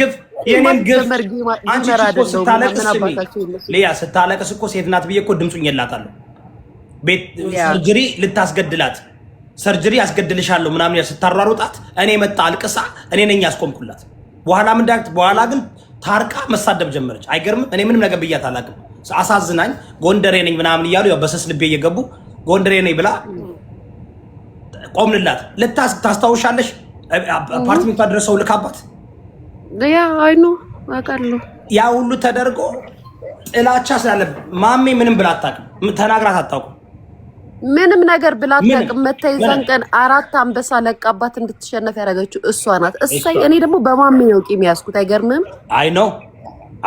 ግፍ የኔን ግፍ አንቺ እኮ ስታለቅስ ስሚ ሊያ ስታለቅስ እኮ ሴት ናት ብዬ እኮ ድምፁኝ የላታለሁ። ቤት ሰርጀሪ ልታስገድላት ሰርጀሪ አስገድልሻለሁ ምናምን ስታሯሩጣት እኔ መጣ አልቅሳ እኔ ነኝ ያስቆምኩላት። በኋላ ምን በኋላ ግን ታርቃ መሳደብ ጀመረች። አይገርምም? እኔ ምንም ነገር ብያት አላውቅም። አሳዝናኝ ጎንደሬ ነኝ ምናምን እያሉ ያው በሰስ ልቤ እየገቡ ጎንደሬ ነኝ ብላ ቆምንላት። ልታስታውሻለሽ አፓርትሜንቷ ድረስ ሰው ልካባት ያ አይኑ አውቃለሁ። ያ ሁሉ ተደርጎ ጥላቻ ስላለ ማሜ ምንም ብላ አታውቅም፣ ተናግራት አታውቅም። ምንም ነገር ብላ አታውቅም። መታይዛን ቀን አራት አንበሳ ለቃባት እንድትሸነፍ ያደረገችው እሷ ናት። እኔ ደግሞ በማሜ ነው ቂም ያዝኩት። አይገርምም? አይ ነው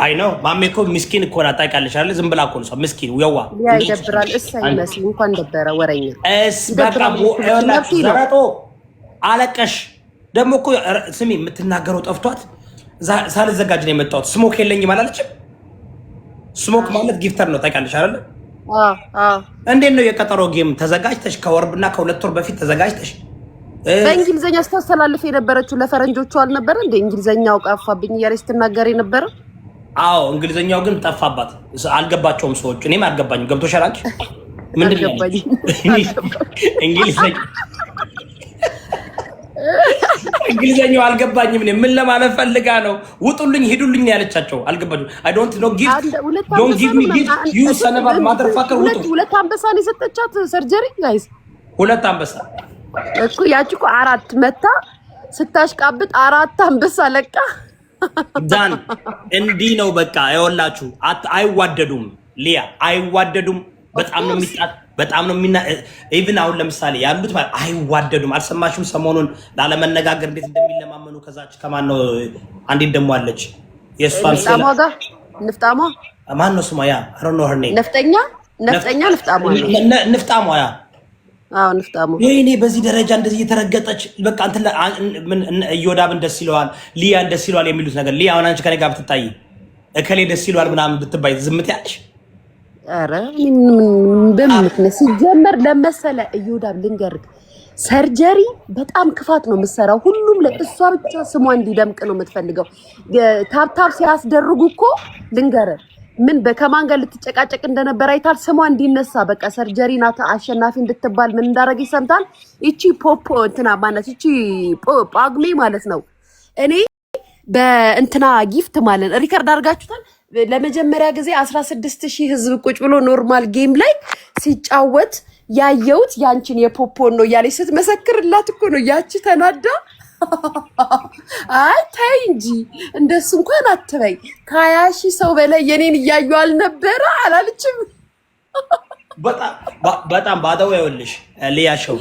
አይ ነው። ማሜ እኮ ምስኪን እኮ ናት። ታውቃለሽ አይደል? ዝም ብላ እኮ ነው ምስኪን የዋ ይደብራል። እሳይ መስል እንኳን ደበረ ወረኛ እስ በቃ ዘረጦ አለቀሽ። ደግሞ እኮ ስሚ የምትናገረው ጠፍቷት ሳልዘጋጅ ነው የመጣሁት። ስሞክ የለኝም አላለችም። ስሞክ ማለት ጊፍተር ነው ታውቂያለሽ አይደለ? እንዴት ነው የቀጠሮ ጌም ተዘጋጅተሽ ከወርብና ከሁለት ወር በፊት ተዘጋጅተሽ በእንግሊዝኛ ስታስተላልፍ የነበረችው ለፈረንጆቹ አልነበረ እንደ እንግሊዝኛው ጠፋብኝ እያለች ስትናገር የነበረ አዎ፣ እንግሊዝኛው ግን ጠፋባት። አልገባቸውም ሰዎች፣ እኔም አልገባኝም። ገብቶሻል አንቺ ምንድን ነው እንግሊዝኛ እንግሊዘኛው አልገባኝም። እኔ ምን ለማለት ፈልጋ ነው? ውጡልኝ፣ ሂዱልኝ ያለቻቸው አልገባኝም። አይ ዶንት ኖ ጊፍት ዶንት ጊቭ ሚ ጊፍት ዩ ሰነባት ማተርፋከር። ውጡ። ሁለት አንበሳ ነው የሰጠቻት ሰርጀሪ ጋይስ፣ ሁለት አንበሳ እኮ ያቺ እኮ አራት መታ ስታሽቃብጥ አራት አንበሳ ለቃ ዳን። እንዲህ ነው በቃ። ይኸውላችሁ አይዋደዱም፣ ሊያ አይዋደዱም። በጣም ነው የሚጣ በጣም ነው የሚና ኢቭን አሁን ለምሳሌ ያሉት ማለት አይዋደዱም። አልሰማሽም? ሰሞኑን ላለመነጋገር እንዴት እንደሚለማመኑ ከዛች ከማን ነው አንዲት ደግሞ አለች የእሷን ስለ ንፍጣሟ ማን ነው ስሟ? ያ አሮ ነው ሄር ነፍጠኛ ነፍጠኛ ንፍጣሟ ንፍጣሟ ያ አዎ ንፍጣሙ ወይኔ በዚህ ደረጃ እንደዚህ እየተረገጠች በቃ እንትን ምን እዮዳብን ደስ ይለዋል፣ ሊያን ደስ ይለዋል የሚሉት ነገር ሊያ አሁን አንቺ ከኔ ጋር ብትታይ እከሌ ደስ ይለዋል ምናምን ብትባይ ዝምት ትያለሽ? ኧረ በምክንያት ሲጀመር ለመሰለ እዮዳብ ልንገርህ፣ ሰርጀሪ በጣም ክፋት ነው የምትሰራው። ሁሉም ለእሷ ብቻ ስሟ እንዲደምቅ ነው የምትፈልገው። ታብታብ ሲያስደርጉ እኮ ልንገርህ ምን በከማን ጋር ልትጨቃጨቅ እንደነበር አይታል። ስሟ እንዲነሳ በቃ ሰርጀሪ ናት አሸናፊ እንድትባል ምን እንዳደረገ ይሰምታል። ይቺ ፖፖ እንትና ማለት ይቺ ጳጉሜ ማለት ነው። እኔ በእንትና ጊፍት ማለት ሪከርድ አድርጋችሁታል ለመጀመሪያ ጊዜ አስራ ስድስት ሺህ ህዝብ ቁጭ ብሎ ኖርማል ጌም ላይ ሲጫወት ያየሁት ያንቺን የፖፖን ነው እያለች ስትመሰክርላት እኮ ነው ያቺ ተናዳ አይ ተይ እንጂ እንደሱ እንኳን አትበይ። ከሀያ ሺህ ሰው በላይ የኔን እያዩ አልነበረ አላለችም። በጣም ባደው ይኸውልሽ፣ ልያሸው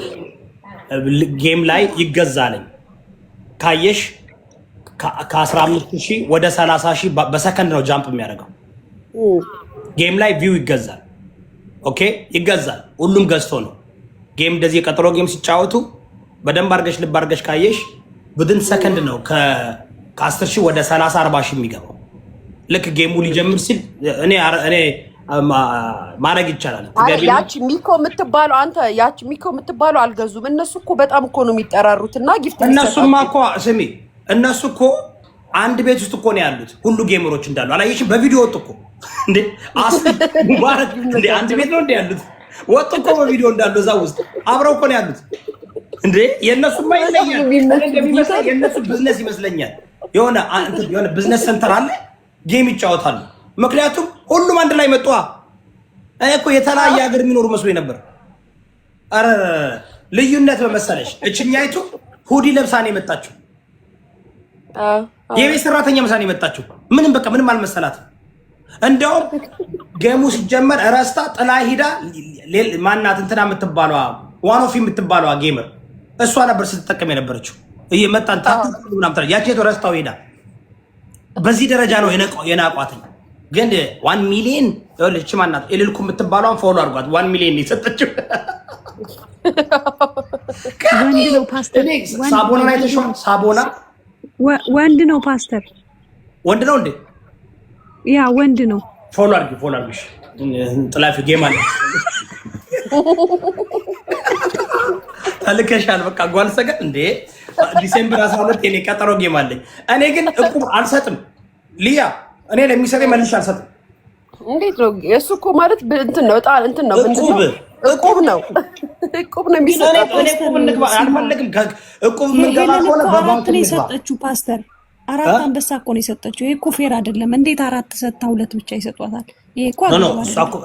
ጌም ላይ ይገዛልኝ ካየሽ ከ ሺህ ወደ 30000 በሰከንድ ነው ጃምፕ የሚያደርገው። ጌም ላይ ቪው ይገዛል። ኦኬ ይገዛል። ሁሉም ገዝቶ ነው። ጌም እንደዚህ የቀጠሮ ጌም ሲጫወቱ በደንብ አድርገሽ ልብ አድርገሽ ካየሽ ብድን ሰከንድ ነው ከ10 ሺህ ወደ 30 40 ሺህ የሚገባው። ልክ ጌሙ ሊጀምር ሲል እኔ እኔ ማድረግ ይቻላል። ሚኮ የምትባለው አንተ ያች ሚኮ የምትባለው አልገዙም። እነሱ እኮ በጣም እኮ ነው የሚጠራሩት እና ጊፍት እነሱማ እኮ ስሜ እነሱ እኮ አንድ ቤት ውስጥ እኮ ነው ያሉት። ሁሉ ጌመሮች እንዳሉ አላየሽም? በቪዲዮ ወጡ እኮ ሙባረክ እንዴ! አንድ ቤት ነው እንዴ ያሉት? ወጡ እኮ በቪዲዮ እንዳሉ እዛ ውስጥ አብረው እኮ ነው ያሉት። እንዴ የእነሱማ ይለያል። የእነሱ ብዝነስ ይመስለኛል የሆነ የሆነ ብዝነስ ሰንተር አለ፣ ጌም ይጫወታሉ። ምክንያቱም ሁሉም አንድ ላይ መጡ። እኮ የተለያየ ሀገር የሚኖሩ መስሎ ነበር። ልዩነት በመሰለሽ እችኛይቱ ሁዲ ለብሳ ነው የመጣችው። የቤት ሰራተኛ መሳን የመጣችው ምንም በቃ ምንም አልመሰላት። እንደውም ገሙ ሲጀመር እረስታ ጥላ ሂዳ ማናት እንትና የምትባለዋ ዋኖፊ የምትባለዋ ጌምር እሷ ነበር ስትጠቀም የነበረችው እየመጣን ታምናምታ ያቺቱ ረስታው ሄዳ በዚህ ደረጃ ነው የናቋትኝ። ግን ዋን ሚሊየን ልች ማናት ኤልልኩ የምትባለዋን ፎሎ አድርጓት ዋን ሚሊየን የሰጠችው ሳቦና ላይ አይተሸዋል ሳቦና ወንድ ነው ፓስተር፣ ወንድ ነው እንዴ? ያ ወንድ ነው። ፎሎ አድርጊ፣ ፎሎ አድርጊ። ጥላፊ ጌም አለ ተልከሻል። በቃ ጓል ሰገድ እንዴ! ዲሴምበር 12 የኔ ቀጠሮ ጌም አለኝ። እኔ ግን እቁብ አልሰጥም ሊያ፣ እኔ ለሚሰጠኝ መልሼ አልሰጥም። እንዴት ነው እሱ? እኮ ማለት እንትን ነው፣ እጣ እንትን ነው፣ ምንድን ነው እቁብ ነው እቁብ ነው አልፈልግም። እቁብ የምንገባ ከሆነ በባንክ የሰጠችው ፓስተር አራት አንበሳ እኮ ነው የሰጠችው። ይሄ እኮ ፌር አይደለም። እንዴት አራት ሰጥታ ሁለት ብቻ ይሰጧታል? ይሄ እኮ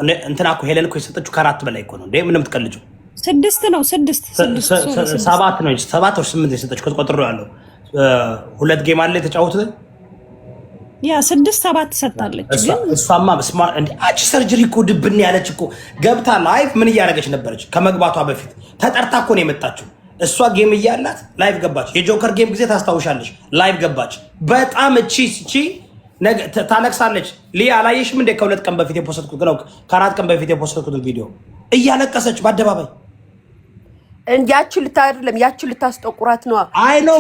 እንትና እኮ ሄለን እኮ የሰጠችው ከአራት በላይ እኮ ነው እንዴ! ምንም ትቀልጭው። ስድስት ነው ስድስት ሰባት ነው ሰባት ስምንት የሰጠችው ከቆጥሮ ያለው ሁለት ጌም አለ የተጫወቱት ያ ስድስት ሰባት ትሰጣለች እሷማ አጭ ሰርጀሪ እኮ ድብን ያለች እኮ ገብታ ላይፍ ምን እያደረገች ነበረች? ከመግባቷ በፊት ተጠርታ እኮ ነው የመጣችው። እሷ ጌም እያላት ላይፍ ገባች። የጆከር ጌም ጊዜ ታስታውሻለች። ላይፍ ገባች። በጣም እቺ እቺ ታለቅሳለች። ሊያ አላየሽም እንዴ? ከሁለት ቀን በፊት ነው ከአራት ቀን በፊት የፖስትኩትን ቪዲዮ እያለቀሰች በአደባባይ ያችን አይደለም ያችን ልታስጠቁራት ነው። አይ ነው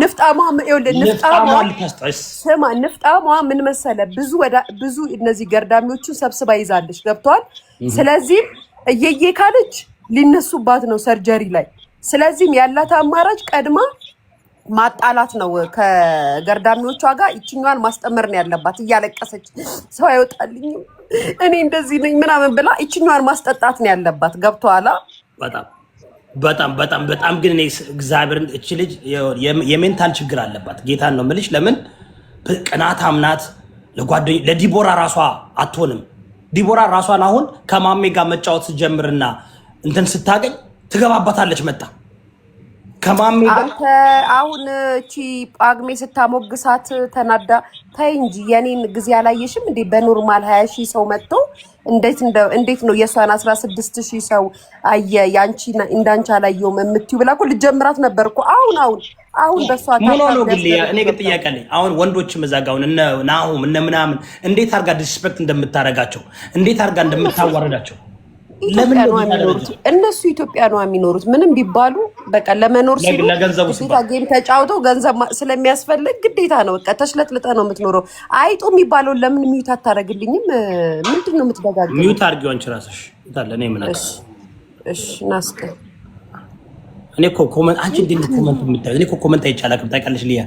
ንፍጣሟ ስማ፣ ንፍጣሟ ምን መሰለ ብዙ ብዙ እነዚህ ገርዳሚዎችን ሰብስባ ይዛለች። ገብቷል። ስለዚህም እየዬ ካለች ሊነሱባት ነው ሰርጀሪ ላይ። ስለዚህም ያላት አማራጭ ቀድማ ማጣላት ነው ከገርዳሚዎቿ ጋር ይችኛዋን ማስጠመር ነው ያለባት። እያለቀሰች ሰው አይወጣልኝም እኔ እንደዚህ ነኝ ምናምን ብላ ይችኛዋን ማስጠጣት ነው ያለባት። ገብቶሃል በጣም በጣም በጣም በጣም ግን እኔ እግዚአብሔርን እች ልጅ የሜንታል ችግር አለባት። ጌታን ነው የምልሽ። ለምን ቅናት አምናት ለጓደኞች ለዲቦራ ራሷ አትሆንም። ዲቦራ ራሷን አሁን ከማሜ ጋር መጫወት ስትጀምርና እንትን ስታገኝ ትገባባታለች መጣ ከማሜ አሁን እቺ ጳጉሜ ስታሞግሳት ተናዳ ታይ እንጂ የኔን ጊዜ አላየሽም እንዴ? በኖርማል ሀያ ሺህ ሰው መጥቶ እንዴት ነው የእሷን አስራ ስድስት ሺህ ሰው አየ የአንቺ እንዳንቺ አላየውም የምትዩ ብላ እኮ ልጀምራት ነበር እኮ አሁን አሁን አሁን በእሷ እኔ ግን ጥያቄ አለኝ። አሁን ወንዶች እዛ ጋ አሁን እነ ናሁም እነ ምናምን እንዴት አርጋ ዲስፔክት እንደምታረጋቸው እንዴት አርጋ እንደምታዋረዳቸው እነሱ ኢትዮጵያ ነው የሚኖሩት። ምንም ቢባሉ በቃ ለመኖር ሲሉ ግዴታ ጌም ተጫውተው ገንዘብ ስለሚያስፈልግ ግዴታ ነው። በቃ ተሽለጥልጠ ነው የምትኖረው። አይጡ የሚባለው ለምን ሚዩት አታደርግልኝም? ምንድን ነው የምትደጋግ ሚዩት አድርጊ አንቺ ራስሽ ታለ እኔ እኮ ኮመንት አንቺ ኮመንት የምታዩ? እኔ ታውቂያለሽ። ልያ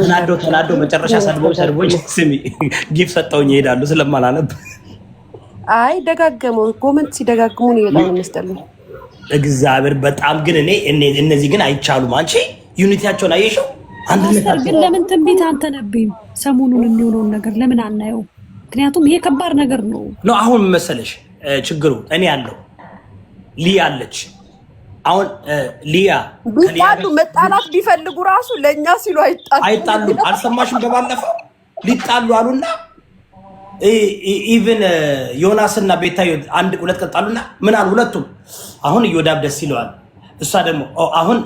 ተናዶ ተናዶ መጨረሻ ሰድቦች ሰድቦች ስሚ ጊፍ ሰጠውኝ ይሄዳሉ ስለማላለብ አይ ደጋገመው ኮመንት ሲደጋግሙ ነው በጣም የሚያስጠላው። እግዚአብሔር በጣም ግን እኔ እነዚህ ግን አይቻሉም። አንቺ ዩኒቲያቸውን አየሽው። አንድ ግን ለምን ትንቢት አንተ አንተነብይም? ሰሞኑን የሚሆነውን ነገር ለምን አናየው? ምክንያቱም ይሄ ከባድ ነገር ነው ነው አሁን መሰለሽ ችግሩ እኔ ያለው ሊያ አለች። አሁን ሊያ ቢጣሉ መጣላት ቢፈልጉ ራሱ ለእኛ ሲሉ አይጣሉ አይጣሉ። አልሰማሽም? በባለፈው ሊጣሉ አሉና ኢቨን ዮናስና ቤታዮ አንድ ሁለት ቀጣሉና ምን አሉ ሁለቱም አሁን እዮዳብ ደስ ይለዋል፣ እሷ ደግሞ አሁን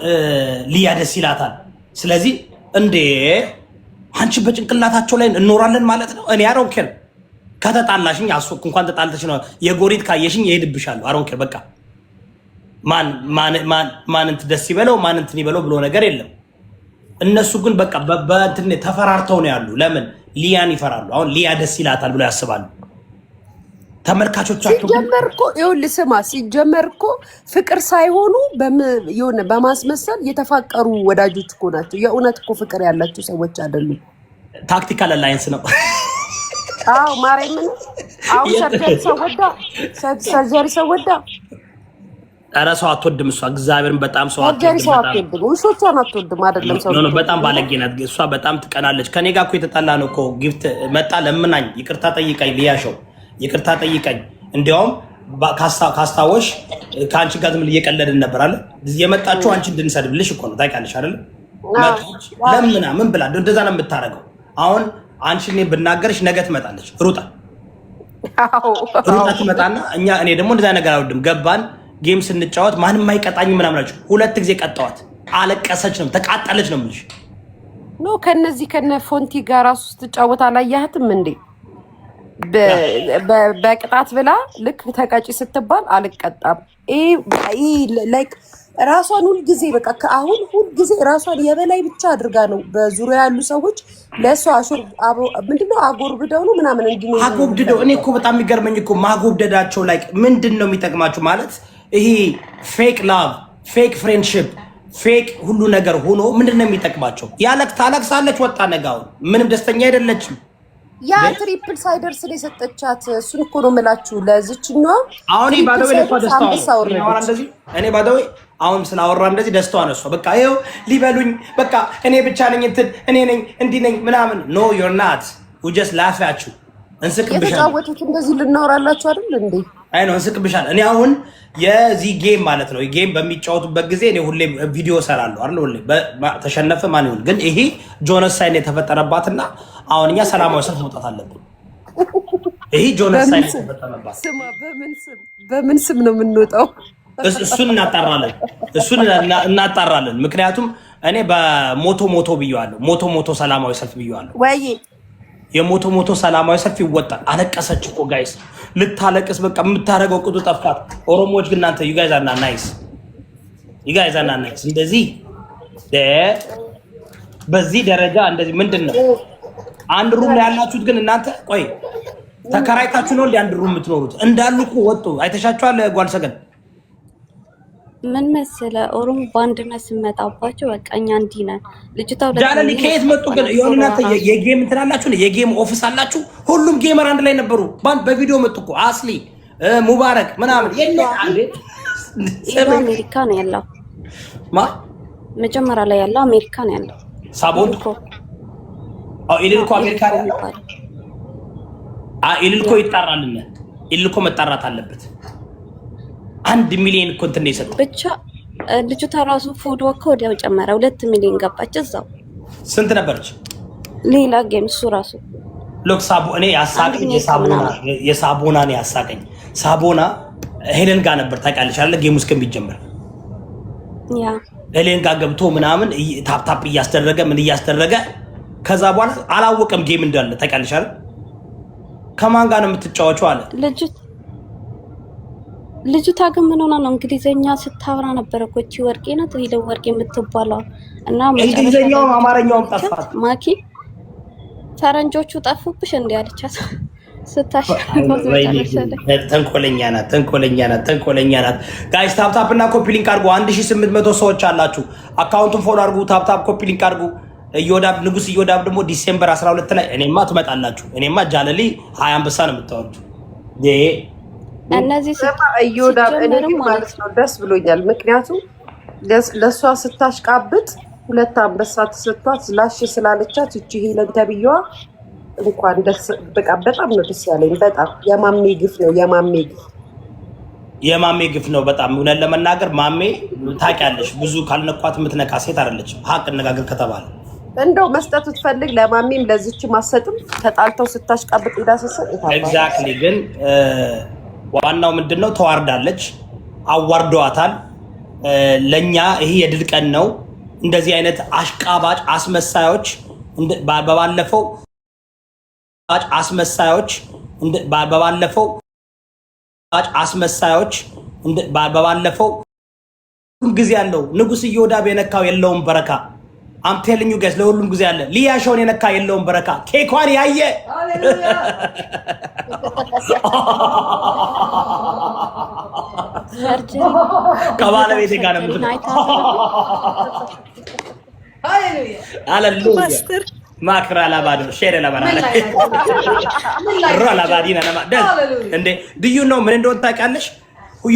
ልያ ደስ ይላታል። ስለዚህ እንዴ አንቺ በጭንቅላታቸው ላይ እንኖራለን ማለት ነው። እኔ አሮንኬር ከተጣላሽኝ አስወቅ እንኳን ተጣልተሽ ነው የጎሪት ካየሽኝ ይሄድብሻለሁ። አሮንኬር በቃ ማን ማንንት ደስ ይበለው ማንንትን ይበለው ብሎ ነገር የለም። እነሱ ግን በቃ በእንትን ተፈራርተው ነው ያሉ ለምን ሊያን ይፈራሉ። አሁን ሊያ ደስ ይላታል ብሎ ያስባሉ ተመልካቾቻቸው። ሲጀመር እኮ ይኸውልህ፣ ስማ፣ ሲጀመር እኮ ፍቅር ሳይሆኑ የሆነ በማስመሰል የተፋቀሩ ወዳጆች እኮ ናቸው። የእውነት እኮ ፍቅር ያላቸው ሰዎች አይደሉም። ታክቲካል አላይንስ ነው። አዎ ማርያምን፣ አሁን ሰርጀሪ ሰወዳ ሰርጀሪ ሰወዳ ኧረ ሰው አትወድም እሷ እግዚአብሔርን በጣም ሰው አትወድም። ውሾቿን አትወድም አይደለም ሰው በጣም ባለጌ ናት እሷ በጣም ትቀናለች። ከኔ ጋር እኮ የተጣላ ነው እኮ ጊፍት መጣ ለምናኝ ይቅርታ ጠይቀኝ ልያሸው ይቅርታ ጠይቀኝ። እንዲያውም ካስታወሽ ከአንቺ ጋር ዝም ብሎ እየቀለድን ነበር አለ የመጣችው አንቺ እንድንሰድብልሽ እኮ ነው ታውቂያለሽ አይደለ ለምና ምን ብላ እንደዛ ነው የምታደርገው። አሁን አንቺ እኔ ብናገርሽ ነገ ትመጣለች ሩጣ ሩጣ ትመጣና እኛ እኔ ደግሞ እንደዛ ነገር አልወድም ገባን ጌም ስንጫወት ማንም አይቀጣኝ ምናምን አለች። ሁለት ጊዜ ቀጠዋት። አለቀሰች ነው ተቃጠለች ነው የምልሽ። ኖ ከነዚህ ከነ ፎንቲ ጋር ራሱ ስትጫወት አላያህትም እንዴ? በቅጣት ብላ ልክ ተቀጪ ስትባል አልቀጣም። ላይክ ራሷን ሁልጊዜ በቃ ከአሁን ሁልጊዜ ራሷን የበላይ ብቻ አድርጋ ነው በዙሪያ ያሉ ሰዎች ለእሷ አሹር ምንድነው አጎርብደው ነው ምናምን እንዲ አጎብድደው። እኔ እኮ በጣም የሚገርመኝ እኮ ማጎብደዳቸው ላይ ምንድን ነው የሚጠቅማቸው ማለት ይሄ ፌክ ላቭ፣ ፌክ ፍሬንድሽፕ፣ ፌክ ሁሉ ነገር ሆኖ ምንድን ነው የሚጠቅማቸው? ያለቅታ አለቅሳለች። ወጣ ነጋውን ምንም ደስተኛ አይደለችም። ያ ትሪፕል ሳይደርስ ነው የሰጠቻት። እሱን እኮ ነው የምላችሁ ለዚችኛዋ። አሁን ባደዌ ለሷ ደስታዋ እንደዚህ እኔ ባደዌ አሁን ስላወራ እንደዚህ ደስታዋ ነሷ። በቃ ይኸው ሊበሉኝ፣ በቃ እኔ ብቻ ነኝ እንትን እኔ ነኝ እንዲህ ነኝ ምናምን። ኖ ዮር ናት ጀስት ላፊያችሁ የተጫወቱት እንደዚህ ልናወራላችሁ አይደል እንዴ? አይ ነው እንስቅብሻል። እኔ አሁን የዚህ ጌም ማለት ነው ጌም በሚጫወቱበት ጊዜ እኔ ሁሌም ቪዲዮ እሰራለሁ አይደል? ሁሌ ተሸነፈ ማን ይሁን ግን ይሄ ጆኖሳይድ የተፈጠረባትና አሁን እኛ ሰላማዊ ሰልፍ መውጣት አለብን። ይሄ ጆኖሳይድ የተፈጠረባት በምን ስም ነው የምንወጣው? እሱን እናጣራለን፣ እሱን እናጣራለን። ምክንያቱም እኔ በሞቶ ሞቶ ብየዋለሁ፣ ሞቶ ሞቶ ሰላማዊ ሰልፍ ብየዋለሁ ወይ የሞቶ ሞቶ ሰላማዊ ሰልፍ ይወጣል። አለቀሰች እኮ ጋይስ፣ ልታለቅስ በቃ የምታደርገው ቅጡ ጠፋት። ኦሮሞዎች ግን እናንተ ዩጋይዛና ናይስ ዩጋይዝ ዩጋይዛና ናይስ እንደዚህ በዚህ ደረጃ እንደዚህ ምንድን ነው አንድ ሩም ላይ ያላችሁት ግን እናንተ ቆይ ተከራይታችሁ ነው እንደ አንድ ሩም የምትኖሩት? እንዳሉ እኮ ወጡ። አይተሻቸዋል ጓልሰገን ምን መሰለ ኦሮሞ በአንድነት ስመጣባቸው በቃ እኛ እንዲህ ነን። ልጅቷ ጃለሊ ከየት መጡ ግን? የሆነ እናንተ የጌም እንትን አላችሁ፣ የጌም ኦፊስ አላችሁ። ሁሉም ጌመር አንድ ላይ ነበሩ። ባንድ በቪዲዮ መጡ እኮ አስሊ ሙባረክ ምናምን የለ አንዴ ኢሉ አሜሪካ ነው ያለው። ማ መጀመሪያ ላይ ያለው አሜሪካ ነው ያለው። ሳቦንት እኮ አው ኢልልኮ አሜሪካ ነው ያለው። አ ኢልልኮ ይጣራልና ኢልልኮ መጣራት አለበት። አንድ ሚሊዮን እኮ እንትን ነው የሰጠው። ብቻ ልጅቷ ራሱ ፉድ ወካ ወዲያው ጨመረ። ሁለት ሚሊዮን ገባች እዛው። ስንት ነበረች? ሌላ ጌም እሱ ራሱ ሎክ ሳቦ እኔ ያሳቀኝ የሳቦና ነው ያሳቀኝ። ሳቦና ሄለን ጋር ነበር ታውቃለች አለ ጌሙ እስከሚጀምር ሄለን ጋር ገብቶ ምናምን ታፕታፕ እያስደረገ ምን እያስደረገ ከዛ በኋላ አላወቀም ጌም እንዳለ ታውቃለች አለ ከማን ጋር ነው የምትጫወቹ አለ ልጅቷ ግን ምን ሆና ነው እንግሊዘኛ ስታወራ ነበረ እኮ እቺ ወርቄ ናት ሄደው ወርቄ የምትባለው እና እንግሊዘኛውም አማርኛውም ጠፋት። ማኪ ፈረንጆቹ ጠፉብሽ እንዲ አለቻት። ተንኮለኛ ናት፣ ተንኮለኛ ናት፣ ተንኮለኛ ናት። ጋይስ ታፕታፕ እና አድርጉ። አንድ ስምንት መቶ ሰዎች አላችሁ። አካውንቱን ፎሎ አድርጉ። ታፕታፕ አድርጉ። እዮዳብ ንጉስ እዮዳብ ደግሞ ዲሴምበር 12 ላይ እኔማ ትመጣላችሁ። እኔማ ጃለሊ ሀያ አንበሳ ነው እነዚህ እዮዳብ እኔ ማለት ነው ደስ ብሎኛል። ምክንያቱም ለእሷ ስታሽቃብጥ ሁለት አንበሳ ተሰጥቷት ላሽ ስላለቻት እቺ ሄለን ተብዬዋ እንኳን ደስ በቃ በጣም ነው ደስ ያለኝ። በጣም የማሜ ግፍ ነው የማሜ ግፍ የማሜ ግፍ ነው በጣም እውነት ለመናገር ማሜ ታውቂያለሽ፣ ብዙ ካልነኳት የምትነካ ሴት አይደለችም። ሀቅ እነጋገር ከተባለ እንደው መስጠት ትፈልግ ለማሜም ለዚች ማሰጥም ተጣልተው ስታሽቃብጥ እንዳሰሰ ኤግዛክትሊ ግን ዋናው ምንድን ነው? ተዋርዳለች፣ አዋርደዋታል። ለእኛ ይሄ የድል ቀን ነው። እንደዚህ አይነት አሽቃባጭ አስመሳዮች በባለፈው አስመሳዮች በባለፈው አስመሳዮች በባለፈው ጊዜ ያለው ንጉስ እየወዳ የነካው የለውም በረካ አምቴልኙ ገስ ለሁሉም ጊዜ አለ። ሊያሾን የነካ የለውም በረካ። ኬኳን ያየ ከባለቤቴ ጋር ነው። ሃሌሉያ ማክራ ላባድ ሼር ላባድ ራ ላባዲና እንዴ ድዩ ነው። ምን እንደሆነ ታውቂያለሽ?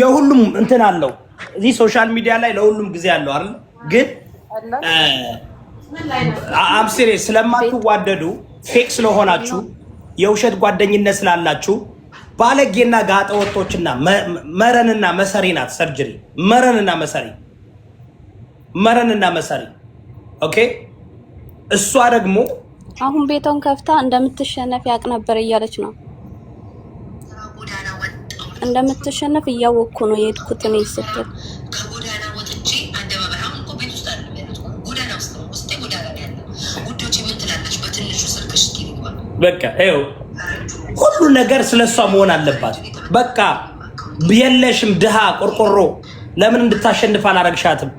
የሁሉም እንትን አለው እዚህ ሶሻል ሚዲያ ላይ ለሁሉም ጊዜ አለው አይደል? ግን አምስሬ ስለማትዋደዱ ፌክ ስለሆናችሁ የውሸት ጓደኝነት ስላላችሁ ባለጌና ጋጠ ወጦችና መረንና መሰሪ ናት። ሰርጅሪ መረንና መሰሪ መረንና መሰሪ። ኦኬ እሷ ደግሞ አሁን ቤቷን ከፍታ እንደምትሸነፍ ያቅ ነበር እያለች ነው። እንደምትሸነፍ እያወቅኩ ነው የሄድኩት ስትል በቃ ይኸው ሁሉ ነገር ስለሷ መሆን አለባት። በቃ የለሽም ድሃ ቆርቆሮ ለምን እንድታሸንፍ አላረግሻትም?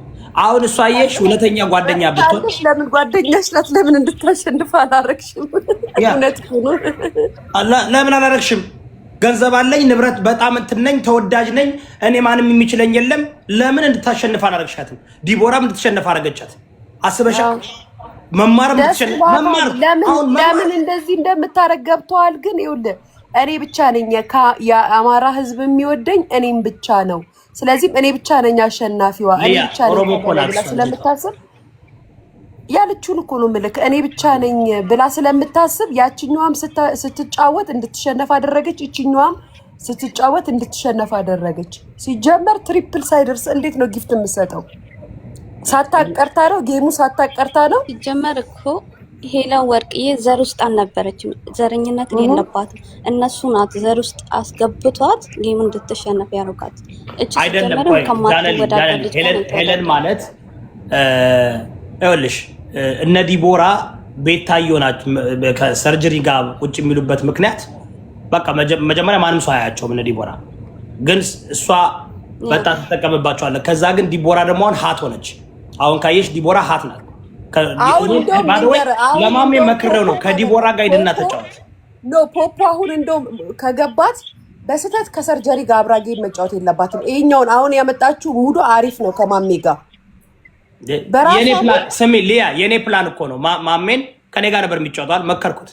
አሁን እሷ አየሽ እውነተኛ ጓደኛ ብትሆን ለምን ጓደኛሽ ናት? ለምን እንድታሸንፍ አላረግሽም? እውነት ለምን አላረግሽም? ገንዘብ አለኝ፣ ንብረት በጣም እንትን ነኝ፣ ተወዳጅ ነኝ፣ እኔ ማንም የሚችለኝ የለም። ለምን እንድታሸንፍ አላረግሻትም? ዲቦራም እንድትሸንፍ አረገቻት። አስበሻ መማር መማር ለምን እንደዚህ እንደምታደርግ ገብተዋል። ግን ይኸውልህ እኔ ብቻ ነኝ የአማራ ህዝብ የሚወደኝ እኔም ብቻ ነው። ስለዚህም እኔ ብቻ ነኝ አሸናፊዋ እኔ ብቻ ነኝ ስለምታስብ ያለችውን እኮ ነው ምልክ እኔ ብቻ ነኝ ብላ ስለምታስብ ያችኛዋም ስትጫወት እንድትሸነፍ አደረገች፣ ይችኛዋም ስትጫወት እንድትሸነፍ አደረገች። ሲጀመር ትሪፕል ሳይደርስ እንዴት ነው ጊፍት የምሰጠው? ሳታቀርታ ነው ጌሙ፣ ሳታቀርታ ነው ሲጀመር እኮ ሄለን ወርቅዬ ዘር ውስጥ አልነበረችም። ዘረኝነት የለባትም። እነሱ ናት ዘር ውስጥ አስገብቷት ጌሙ እንድትሸነፍ ያደርጋት። እቺ ማለት ይኸውልሽ፣ እነ ዲቦራ ቤታዮ ናት። ከሰርጀሪ ጋር ቁጭ የሚሉበት ምክንያት በቃ መጀመሪያ ማንም ሰው አያቸውም። እነ ዲቦራ ግን እሷ በጣም ትጠቀምባቸዋለች። ከዛ ግን ዲቦራ ደግሞ ሀት ሆነች። አሁን ካየሽ ዲቦራ ሀት ናት። ለማሜ መክረው ነው ከዲቦራ ጋር ሂድና ተጫወት። ኖ ፖፖ አሁን እንደውም ከገባት በስህተት ከሰርጀሪ ጋር አብራ ጌድ መጫወት የለባትም። ይሄኛውን አሁን ያመጣችው ሙዶ አሪፍ ነው ከማሜ ጋር ስሚ ሊያ፣ የእኔ ፕላን እኮ ነው ማሜን ከኔ ጋር ነበር የሚጫወተዋል። መከርኩት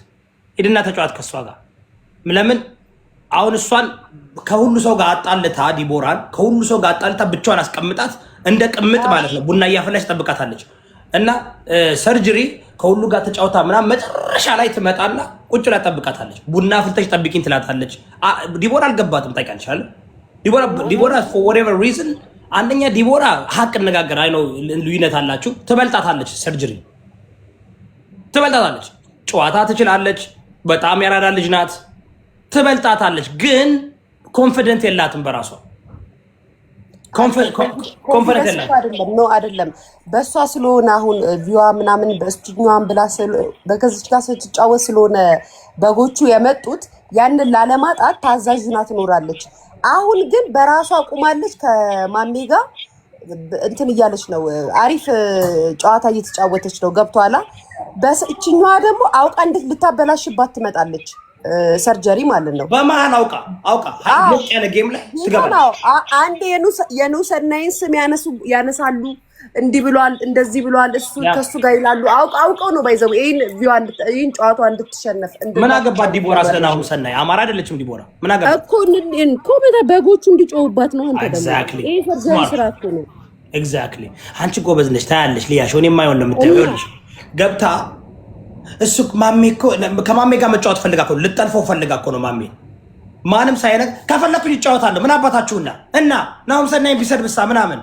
ሂድና ተጫዋት ከእሷ ጋር ለምን አሁን እሷን ከሁሉ ሰው ጋር አጣልታ ዲቦራን ከሁሉ ሰው ጋር አጣልታ ብቻዋን አስቀምጣት እንደ ቅምጥ ማለት ነው። ቡና እያፈላች ጠብቃታለች። እና ሰርጅሪ ከሁሉ ጋር ተጫውታ ምናምን መጨረሻ ላይ ትመጣና ቁጭ ላይ ጠብቃታለች። ቡና ፍልተች ጠብቂኝ ትላታለች። ዲቦራ አልገባትም። ታውቂያለሽ ዲቦራ ፎር ወሬቨር ሪዝን አንደኛ ዲቦራ ሀቅ እነጋገር አይ ነው ልዩነት አላችሁ። ትበልጣታለች። ሰርጅሪ ትበልጣታለች። ጨዋታ ትችላለች። በጣም ያራዳ ልጅ ናት። ትበልጣታለች፣ ግን ኮንፊደንት የላትም በራሷ አይደለም በእሷ ስለሆነ አሁን ቪዋ ምናምን በስቱኛዋን ብላ በከዚች ጋር ስትጫወት ስለሆነ በጎቹ የመጡት ያንን ላለማጣት ታዛዥ ና ትኖራለች። አሁን ግን በራሷ ቁማለች። ከማሜ ጋር እንትን እያለች ነው፣ አሪፍ ጨዋታ እየተጫወተች ነው። ገብቷላ። በእችኛዋ ደግሞ አውቃ እንዴት ልታበላሽባት ትመጣለች። ሰርጀሪ ማለት ነው። በመሀል አውቃ አውቃ ሞቅ ያለ ጌም ላይ ትገባለች። አንድ የኑሰናይን ስም ያነሳሉ። እንዲህ ብሏል፣ እንደዚህ ብሏል፣ እሱ ከሱ ጋር ይላሉ። አውቀው ነው ባይዘው ይህን ይህን ጨዋታ እንድትሸነፍ ምን አገባ ዲቦራ? ስለና ሰናይ አማራ አይደለችም ዲቦራ። ምን አገባት እኮ እኮ በጎቹ እንዲጮሁባት ነው። አንተ ደግሞ ይህ ሰርጀሪ ስራ እኮ ነው። ኤግዛክትሊ። አንቺ ጎበዝ ነሽ፣ ታያለሽ። ሊያሽ ሆን የማይሆን ነው የምታየው ገብታ እሱ ማሜ እኮ ከማሜ ጋር መጫወት ፈልጋ እኮ ልጠልፈው ፈልጋ እኮ ነው ማሜ ማንም ሳይነግ ከፈለግኩኝ ይጫወታለሁ። ምን አባታችሁና እና ናሁም ሰናይ ቢሰድብሳ ምናምን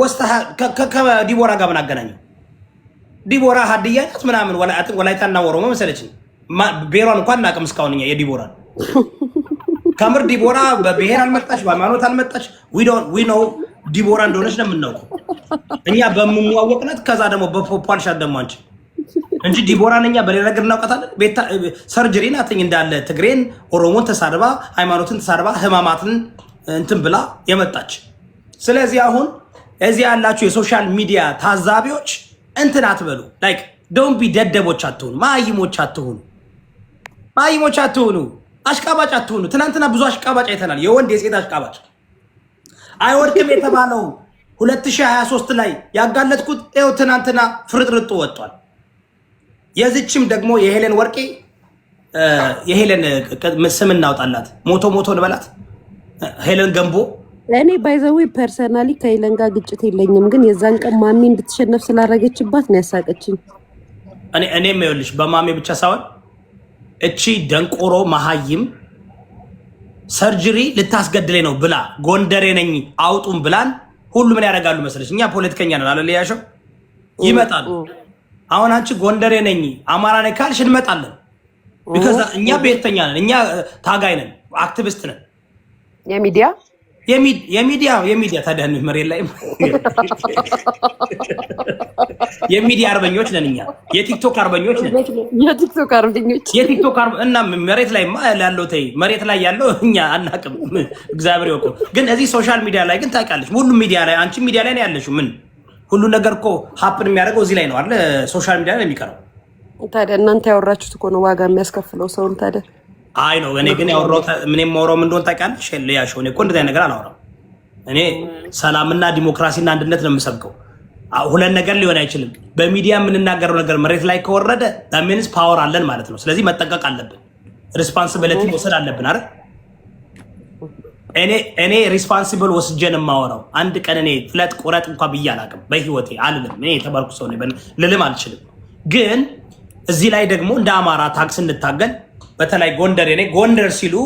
ወስታ ከዲቦራ ጋር ምን አገናኘው? ዲቦራ ሀድያ ናት ምናምን ወላይታና ኦሮሞ መሰለችኝ። ብሔሯን እንኳን እናቅም እስካሁን እኛ የዲቦራን ከምር ዲቦራ በብሔር አልመጣች፣ በሃይማኖት አልመጣች። ነው ዲቦራ እንደሆነች ነው የምናውቀው እኛ በምንዋወቅነት ከዛ ደግሞ በፖልሻት ደግሞ አንቺ እንጂ ዲቦራን እኛ በሌላ ነገር እናውቀታለን። ሰርጀሪ ናትኝ እንዳለ ትግሬን፣ ኦሮሞን ተሳድባ ሃይማኖትን ተሳድባ ህማማትን እንትን ብላ የመጣች ስለዚህ አሁን እዚህ ያላችሁ የሶሻል ሚዲያ ታዛቢዎች እንትን አትበሉ። ላይክ ቢ ደደቦች አትሆኑ፣ ማይሞች አትሆኑ፣ ማይሞች አትሆኑ፣ አሽቃባጭ አትሆኑ። ትናንትና ብዙ አሽቃባጭ አይተናል። የወንድ የሴት አሽቃባጭ አይወድቅም የተባለው 2023 ላይ ያጋለጥኩት ይኸው ትናንትና ፍርጥርጡ ወጥቷል። የዚችም ደግሞ የሄለን ወርቄ የሄለን ስም እናውጣላት። ሞቶ ሞቶ ልበላት ሄለን ገንቦ። እኔ ባይዘዊ ፐርሰናሊ ከሄለን ጋር ግጭት የለኝም፣ ግን የዛን ቀን ማሚ እንድትሸነፍ ስላደረገችባት ነው ያሳቀችኝ። እኔ እኔ የሚወልሽ በማሜ ብቻ ሳይሆን እቺ ደንቆሮ መሀይም ሰርጅሪ ልታስገድለኝ ነው ብላ ጎንደሬ ነኝ አውጡም ብላን ሁሉ ምን ያደርጋሉ መሰለች። እኛ ፖለቲከኛ ነን አለልያሸው ይመጣሉ አሁን አንቺ ጎንደሬ ነኝ አማራ ነኝ ካልሽ እንመጣለን። ቢካዝ እኛ ብሔርተኛ ነን፣ እኛ ታጋይ ነን፣ አክቲቪስት ነን። የሚዲያ የሚዲያ የሚዲያ ታዲያ መሬት ላይ የሚዲያ አርበኞች ነን እኛ የቲክቶክ አርበኞች ነን። የቲክቶክ አርበኞች የቲክቶክ አርበ እና መሬት ላይ ያለው ተይ መሬት ላይ ያለው እኛ አናቅም። እግዚአብሔር ይወቁ። ግን እዚህ ሶሻል ሚዲያ ላይ ግን ታውቂያለሽ፣ ሁሉም ሚዲያ ላይ አንቺ ሚዲያ ላይ ነው ያለሽው ምን ሁሉ ነገር እኮ ሀፕን የሚያደርገው እዚህ ላይ ነው አለ ሶሻል ሚዲያ ላይ የሚቀረው። ታዲያ እናንተ ያወራችሁት እኮ ነው ዋጋ የሚያስከፍለው ሰውን። ታዲያ አይ ነው እኔ ግን ምን የማወራው እንደሆን ታውቂያለሽ? እኔ እኮ እንደዚያ ነገር አላወራም። እኔ ሰላምና ዲሞክራሲና አንድነት ነው የምሰብከው። ሁለት ነገር ሊሆን አይችልም። በሚዲያ የምንናገረው ነገር መሬት ላይ ከወረደ ሚንስ ፓወር አለን ማለት ነው። ስለዚህ መጠንቀቅ አለብን፣ ሪስፓንሲቢሊቲ መውሰድ አለብን አይደል እኔ ሪስፓንሲብል ወስጀን የማወራው አንድ ቀን እኔ ፍለጥ ቁረጥ እንኳ ብዬ አላቅም በህይወቴ አልልም። እኔ የተባልኩ ሰው ልልም አልችልም። ግን እዚህ ላይ ደግሞ እንደ አማራ ታክስ እንታገል። በተለይ ጎንደር ኔ ጎንደር ሲሉ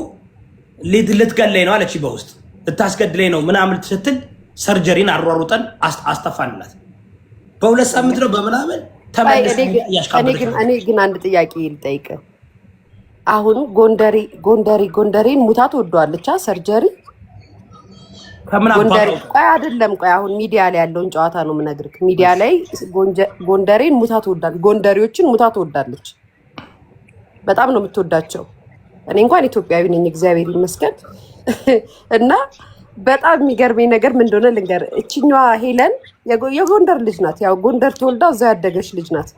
ልትገለኝ ነው አለች፣ በውስጥ ልታስገድለኝ ነው ምናምን ስትል ሰርጀሪን አሯሩጠን አስተፋንላት። በሁለት ሳምንት ነው በምናምን ተመልሶ ያሽቃ። እኔ ግን አንድ ጥያቄ ልጠይቅ አሁን ጎንደሪ ጎንደሪ ጎንደሬን ሙታ ትወደዋለች። ሰርጀሪ ጎንደሬ ቆይ አይደለም ቆይ፣ አሁን ሚዲያ ላይ ያለውን ጨዋታ ነው የምነግርህ። ሚዲያ ላይ ጎንደሬን ሙታ ትወዳለች፣ ጎንደሪዎችን ሙታ ትወዳለች። በጣም ነው የምትወዳቸው። እኔ እንኳን ኢትዮጵያዊ ነኝ እግዚአብሔር ይመስገን። እና በጣም የሚገርመኝ ነገር ምን እንደሆነ ልንገር እችኛዋ ሄለን የጎንደር ልጅ ናት፣ ያው ጎንደር ተወልዳ እዛ ያደገች ልጅ ናት።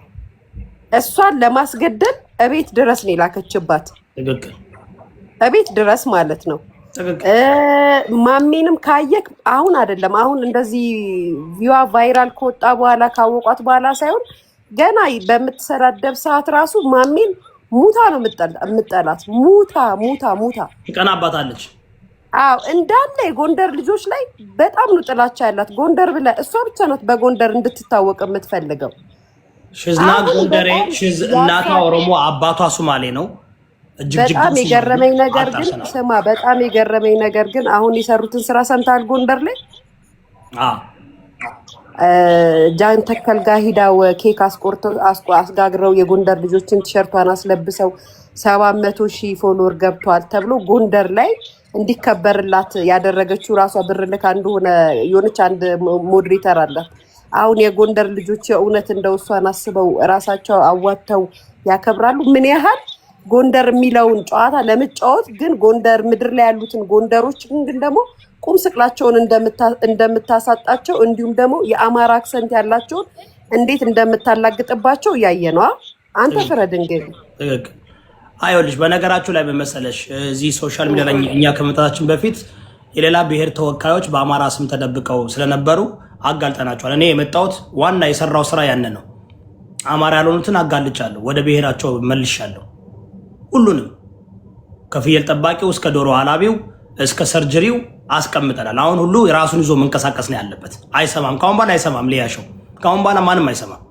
እሷን ለማስገደል እቤት ድረስ ነው የላከችባት። እቤት ድረስ ማለት ነው። ማሜንም ካየክ አሁን አይደለም አሁን እንደዚህ ቪዋ ቫይራል ከወጣ በኋላ ካወቋት በኋላ ሳይሆን ገና በምትሰዳደብ ሰዓት ራሱ ማሜን ሙታ ነው የምጠላት። ሙታ ሙታ ሙታ ትቀናባታለች። አዎ እንዳለ የጎንደር ልጆች ላይ በጣም ነው ጥላቻ ያላት። ጎንደር ብላ እሷ ብቻ ናት በጎንደር እንድትታወቅ የምትፈልገው። ሽዝና ጎንደሬ እናቷ ኦሮሞ አባቷ ሱማሌ ነው። በጣም የገረመኝ ነገር ግን ስማ፣ በጣም የገረመኝ ነገር ግን አሁን የሰሩትን ስራ ሰምተሃል? ጎንደር ላይ ጃን ተከል ጋር ሂዳው ኬክ አስጋግረው የጎንደር ልጆችን ቲሸርቷን አስለብሰው ሰባት መቶ ሺህ ፎሎወር ገብቷል ተብሎ ጎንደር ላይ እንዲከበርላት ያደረገችው ራሷ ብር ልካ እንደሆነ የሆነች አንድ ሞዴሬተር አላት አሁን የጎንደር ልጆች የእውነት እንደው እሷን አስበው እራሳቸው አዋጥተው ያከብራሉ። ምን ያህል ጎንደር የሚለውን ጨዋታ ለመጫወት ግን ጎንደር ምድር ላይ ያሉትን ጎንደሮች ግን ደግሞ ቁም ስቅላቸውን እንደምታሳጣቸው እንዲሁም ደግሞ የአማራ አክሰንት ያላቸውን እንዴት እንደምታላግጥባቸው እያየ ነዋ። አንተ ፍረድ እንግዲህ። አይወልሽ በነገራችሁ ላይ በመሰለሽ እዚህ ሶሻል ሚዲያ ላይ እኛ ከመምጣታችን በፊት የሌላ ብሔር ተወካዮች በአማራ ስም ተደብቀው ስለነበሩ አጋልጠናቸዋል። እኔ የመጣሁት ዋና የሰራው ስራ ያነ ነው። አማራ ያልሆኑትን አጋልጫለሁ፣ ወደ ብሔራቸው መልሻለሁ። ሁሉንም ከፍየል ጠባቂው እስከ ዶሮ አላቢው እስከ ሰርጀሪው አስቀምጠናል። አሁን ሁሉ የራሱን ይዞ መንቀሳቀስ ነው ያለበት። አይሰማም፣ ከአሁን በኋላ አይሰማም። ሊያሸው ከአሁን በኋላ ማንም አይሰማም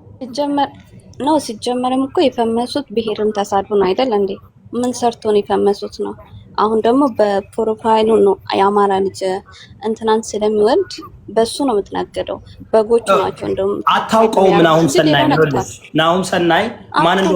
ነው። ሲጀመርም እኮ የፈመሱት ብሔርን ተሳድቡ ነው አይደል እንዴ? ምን ሰርቶን የፈመሱት ነው? አሁን ደግሞ በፕሮፋይሉ ነው የአማራ ልጅ እንትናን ስለሚወልድ በሱ ነው የምትናገደው። በጎቹ ናቸው እንደውም አታውቀውም። ናሁም ሰናይ ናሁም ሰናይ ማን